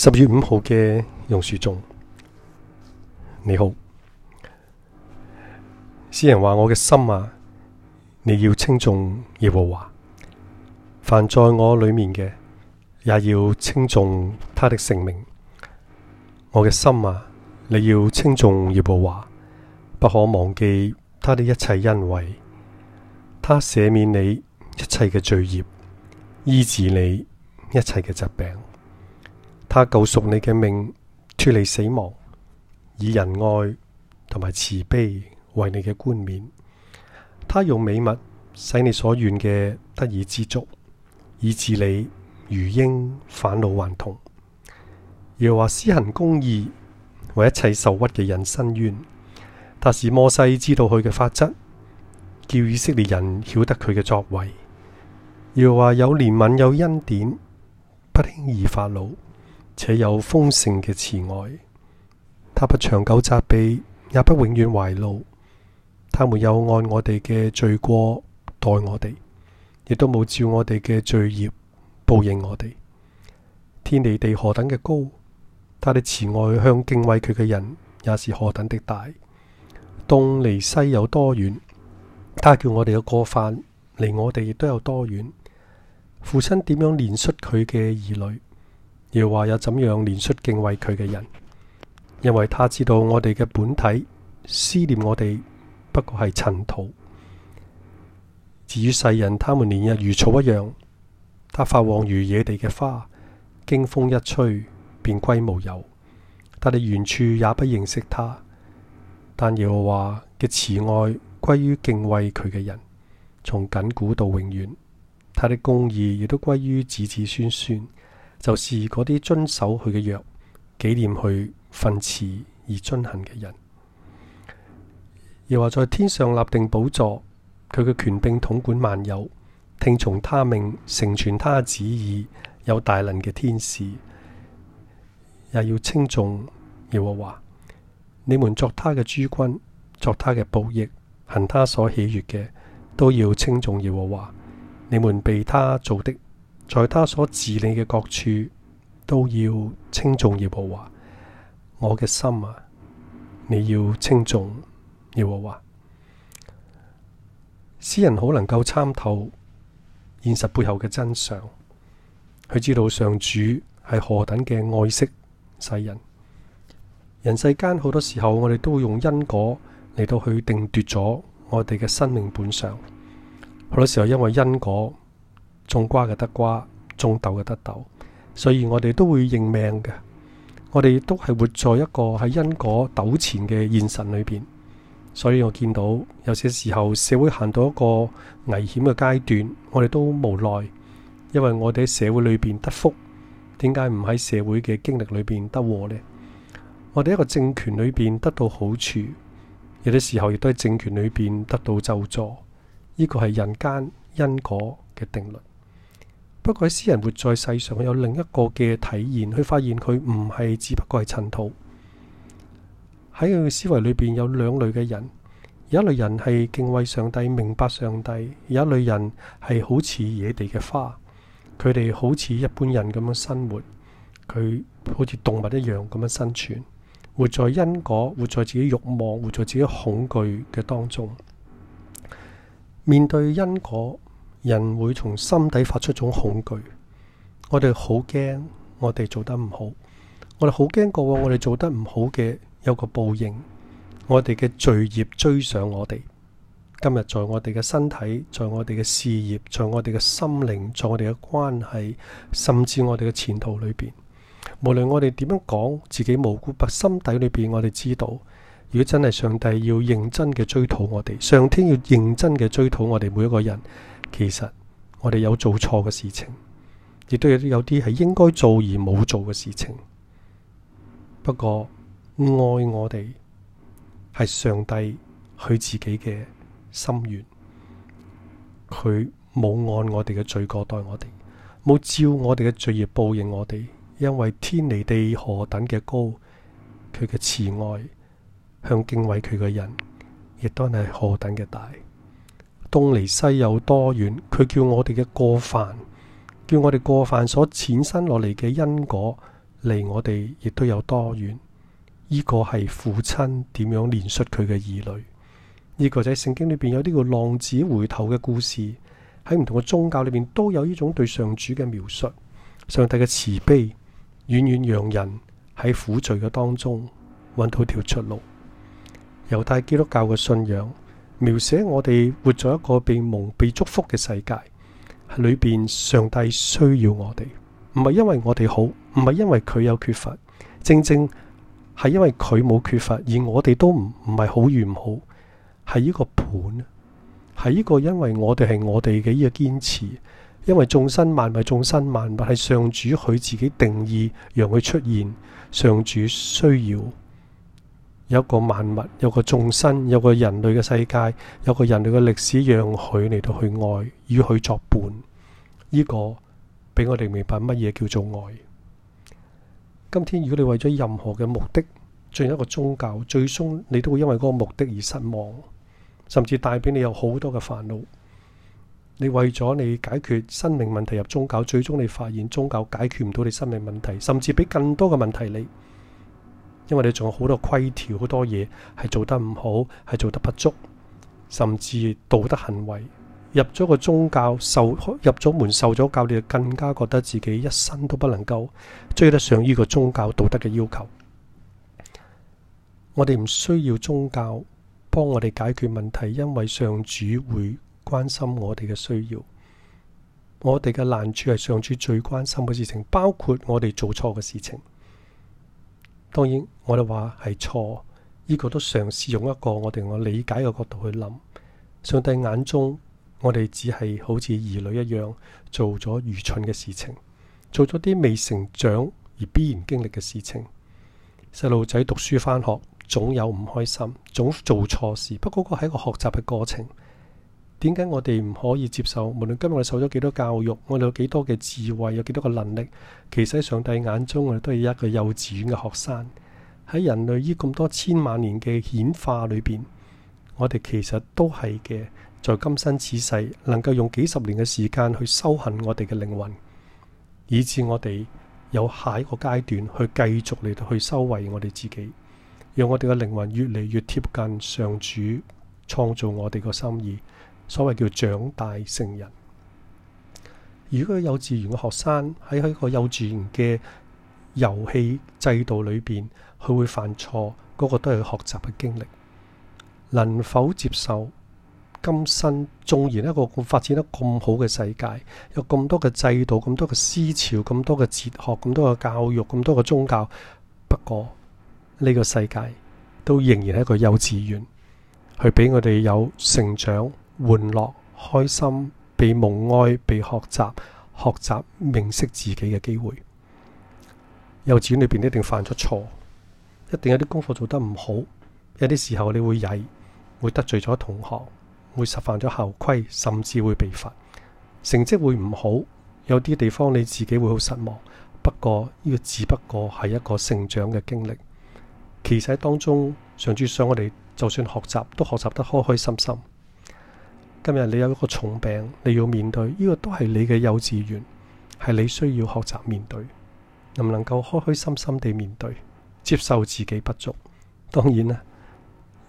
十月五號嘅榕樹中，你好。詩人話：我嘅心啊，你要稱頌耶和華；凡在我裏面嘅，也要稱頌他的姓名。我嘅心啊，你要稱頌耶和華，不可忘記他的一切恩惠，他赦免你一切嘅罪孽，醫治你一切嘅疾病。他救贖你嘅命脫離死亡，以仁愛同埋慈悲為你嘅冠冕。他用美物使你所願嘅得以知足，以致你如鷹返老還童。又話施行公義為一切受屈嘅人伸冤。他使摩西知道佢嘅法則，叫以色列人曉得佢嘅作為。又話有憐憫有恩典，不輕易發怒。且有豐盛嘅慈愛，他不長久責備，也不永遠懷怒。他沒有按我哋嘅罪過待我哋，亦都冇照我哋嘅罪孽報應我哋。天離地何等嘅高，他的慈愛向敬畏佢嘅人也是何等的大。東離西有多遠，他叫我哋嘅過犯離我哋亦都有多遠。父親點樣憐恤佢嘅兒女？耶和華又話有怎樣憐恤敬畏佢嘅人，因為他知道我哋嘅本體思念我哋不過係塵土，至於世人，他們年日如草一樣，他發旺如野地嘅花，經風一吹便歸無有，他哋原處也不認識他。但耶和華嘅慈愛歸於敬畏佢嘅人，從亙古到永遠，他的公義亦都歸於子子孫孫。就是嗰啲遵守佢嘅約、紀念佢訓詞而遵行嘅人，又話在天上立定寶座，佢嘅權柄統管萬有，聽從他命、成全他旨意，有大能嘅天使，也要稱頌耶和華。你們作他嘅諸君，作他嘅僕役，行他所喜悅嘅，都要稱頌耶和華。你們被他做的。在他所治理嘅各處都要稱頌耶和華，我嘅心啊，你要稱頌耶和華。詩人好能夠參透現實背後嘅真相，佢知道上主係何等嘅愛惜世人。人世間好多時候，我哋都會用因果嚟到去定奪咗我哋嘅生命本相。好多時候因為因果。種瓜嘅得瓜，種豆嘅得豆，所以我哋都會認命嘅。我哋都係活在一個喺因果糾纏嘅現實裏邊。所以我見到有些時候社會行到一個危險嘅階段，我哋都好無奈，因為我哋喺社會裏邊得福，點解唔喺社會嘅經歷裏邊得禍呢？我哋一個政權裏邊得到好處，有啲時候亦都喺政權裏邊得到就助。呢個係人間因果嘅定律。不過喺私人活在世上，有另一個嘅體驗，佢發現佢唔係只不過係塵土。喺佢嘅思維裏邊，有兩類嘅人，有一類人係敬畏上帝、明白上帝；有一類人係好似野地嘅花，佢哋好似一般人咁樣生活，佢好似動物一樣咁樣生存，活在因果、活在自己欲望、活在自己恐懼嘅當中，面對因果。人會從心底發出種恐懼，我哋好驚，我哋做得唔好，我哋好驚過往我哋做得唔好嘅有個報應，我哋嘅罪孽追上我哋。今日在我哋嘅身體，在我哋嘅事業，在我哋嘅心靈，在我哋嘅關係，甚至我哋嘅前途裏邊，無論我哋點樣講自己無辜，白心底裏邊我哋知道，如果真係上帝要認真嘅追討我哋，上天要認真嘅追討我哋每一個人。其實我哋有做錯嘅事情，亦都有啲有啲係應該做而冇做嘅事情。不過愛我哋係上帝佢自己嘅心願，佢冇按我哋嘅罪過待我哋，冇照我哋嘅罪孽報應我哋。因為天離地何等嘅高，佢嘅慈愛向敬畏佢嘅人，亦都係何等嘅大。東離西有多遠？佢叫我哋嘅過犯，叫我哋過犯所產生落嚟嘅因果，離我哋亦都有多遠？呢、這個係父親點樣憐恤佢嘅兒女？呢、這個就喺聖經裏邊有呢個叫浪子回頭嘅故事，喺唔同嘅宗教裏邊都有呢種對上主嘅描述。上帝嘅慈悲，遠遠讓人喺苦罪嘅當中揾到條出路。猶太基督教嘅信仰。描寫我哋活在一個被蒙被祝福嘅世界，喺裏邊上帝需要我哋，唔係因為我哋好，唔係因為佢有缺乏，正正係因為佢冇缺乏，而我哋都唔唔係好與唔好，係呢個盤，係呢個因為我哋係我哋嘅呢個堅持，因為眾生萬物眾生萬物係上主佢自己定義，讓佢出現，上主需要。有一個萬物，有個眾生，有個人類嘅世界，有個人類嘅歷史，讓佢嚟到去愛，與佢作伴。呢個俾我哋明白乜嘢叫做愛。今天如果你為咗任何嘅目的進一個宗教，最終你都會因為嗰個目的而失望，甚至帶俾你有好多嘅煩惱。你為咗你解決生命問題入宗教，最終你發現宗教解決唔到你生命問題，甚至俾更多嘅問題你。因為你仲有好多規條，好多嘢係做得唔好，係做得不足，甚至道德行為。入咗個宗教受，入咗門受咗教，你就更加覺得自己一生都不能夠追得上呢個宗教道德嘅要求。我哋唔需要宗教幫我哋解決問題，因為上主會關心我哋嘅需要。我哋嘅難處係上主最關心嘅事情，包括我哋做錯嘅事情。當然，我哋話係錯，呢個都嘗試用一個我哋我理解嘅角度去諗。上帝眼中，我哋只係好似兒女一樣，做咗愚蠢嘅事情，做咗啲未成長而必然經歷嘅事情。細路仔讀書返學，總有唔開心，總做錯事。不過，個係一個學習嘅過程。點解我哋唔可以接受？無論今日我哋受咗幾多教育，我哋有幾多嘅智慧，有幾多嘅能力，其實上帝眼中，我哋都係一個幼稚園嘅學生。喺人類依咁多千萬年嘅演化裏邊，我哋其實都係嘅。在今生此世，能夠用幾十年嘅時間去修行我哋嘅靈魂，以至我哋有下一個階段去繼續嚟到去修為我哋自己，讓我哋嘅靈魂越嚟越貼近上主創造我哋個心意。所謂叫長大成人。如果幼稚園嘅學生喺喺個幼稚園嘅遊戲制度裏邊，佢會犯錯，嗰個都係佢學習嘅經歷。能否接受？今生，縱然一個發展得咁好嘅世界，有咁多嘅制度、咁多嘅思潮、咁多嘅哲學、咁多嘅教育、咁多嘅宗教，不過呢個世界都仍然係一個幼稚園，佢俾我哋有成長。玩樂開心，被蒙愛，被學習，學習明識自己嘅機會。幼稚園裏邊一定犯咗錯，一定有啲功課做得唔好，有啲時候你會曳，會得罪咗同學，會實犯咗校規，甚至會被罰，成績會唔好，有啲地方你自己會好失望。不過呢個只不過係一個成長嘅經歷，其實喺當中，常住上我哋就算學習都學習得開開心心。今日你有一個重病，你要面對呢個都係你嘅幼稚園，係你需要學習面對，能唔能夠開開心心地面對，接受自己不足？當然啦，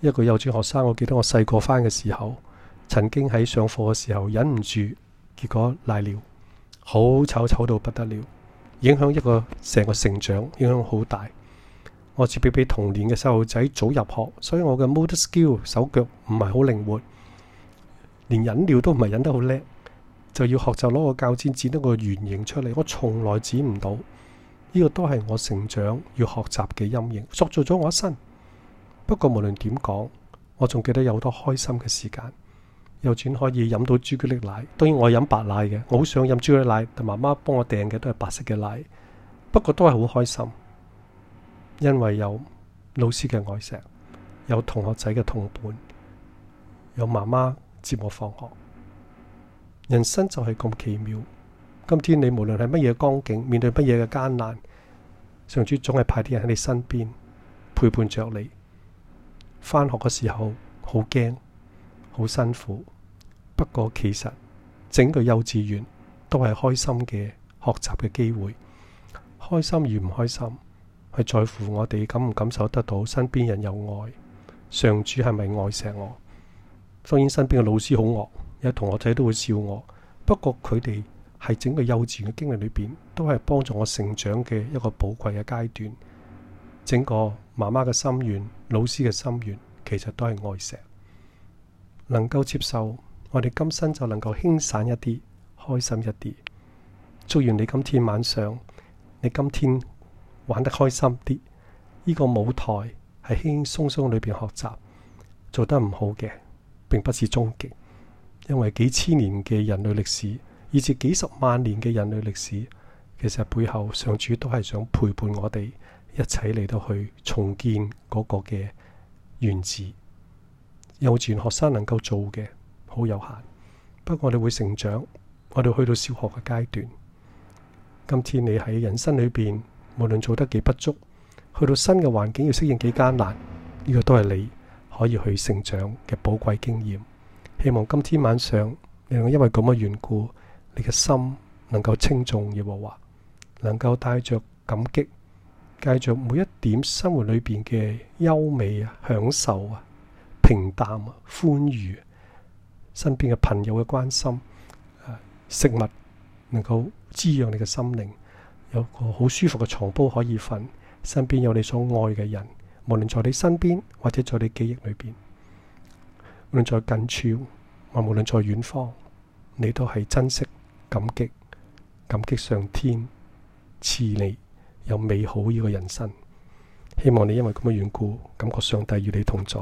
一個幼稚學生，我記得我細個翻嘅時候，曾經喺上課嘅時候忍唔住，結果賴尿，好丑醜到不得了，影響一個成個成長，影響好大。我只比比同年嘅細路仔早入學，所以我嘅 motor skill 手腳唔係好靈活。連飲料都唔係飲得好叻，就要學習攞個膠剪剪一個圓形出嚟。我從來剪唔到，呢、這個都係我成長要學習嘅陰影，塑造咗我一生。不過無論點講，我仲記得有好多開心嘅時間，有錢可以飲到朱古力奶。當然我飲白奶嘅，我好想飲朱古力奶，但媽媽幫我訂嘅都係白色嘅奶。不過都係好開心，因為有老師嘅愛惜，有同學仔嘅同伴，有媽媽。接我放學，人生就係咁奇妙。今天你無論係乜嘢光景，面對乜嘢嘅艱難，上主總係派啲人喺你身邊陪伴着你。返學嘅時候好驚，好辛苦。不過其實整個幼稚園都係開心嘅學習嘅機會。開心與唔開心，係在乎我哋感唔感受得到身邊人有愛，上主係咪愛錫我？當然身邊嘅老師好惡，有同學仔都會笑我。不過佢哋係整個幼稚園嘅經歷裏邊，都係幫助我成長嘅一個寶貴嘅階段。整個媽媽嘅心願，老師嘅心願，其實都係愛石能夠接受。我哋今生就能夠輕散一啲，開心一啲。祝願你今天晚上，你今天玩得開心啲。呢個舞台係輕輕鬆鬆裏邊學習，做得唔好嘅。並不是終極，因為幾千年嘅人類歷史，以至幾十萬年嘅人類歷史，其實背後上主都係想陪伴我哋一齊嚟到去重建嗰個嘅原址。幼稚園學生能夠做嘅好有限，不過我哋會成長，我哋去到小學嘅階段。今天你喺人生裏邊，無論做得幾不足，去到新嘅環境要適應幾艱難，呢個都係你。可以去成長嘅寶貴經驗，希望今天晚上，你因為咁嘅緣故，你嘅心能夠輕重而無華，能夠帶着感激，帶着每一點生活裏邊嘅優美啊、享受啊、平淡啊、歡愉，身邊嘅朋友嘅關心食物，能夠滋養你嘅心靈，有個好舒服嘅床鋪可以瞓，身邊有你所愛嘅人。無論在你身邊或者在你記憶裏邊，無論在近處，或無論在遠方，你都係珍惜、感激、感激上天賜你有美好呢個人生。希望你因為咁嘅緣故，感覺上帝與你同在。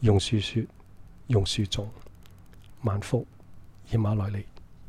榕樹說：榕樹種，萬福以馬內利。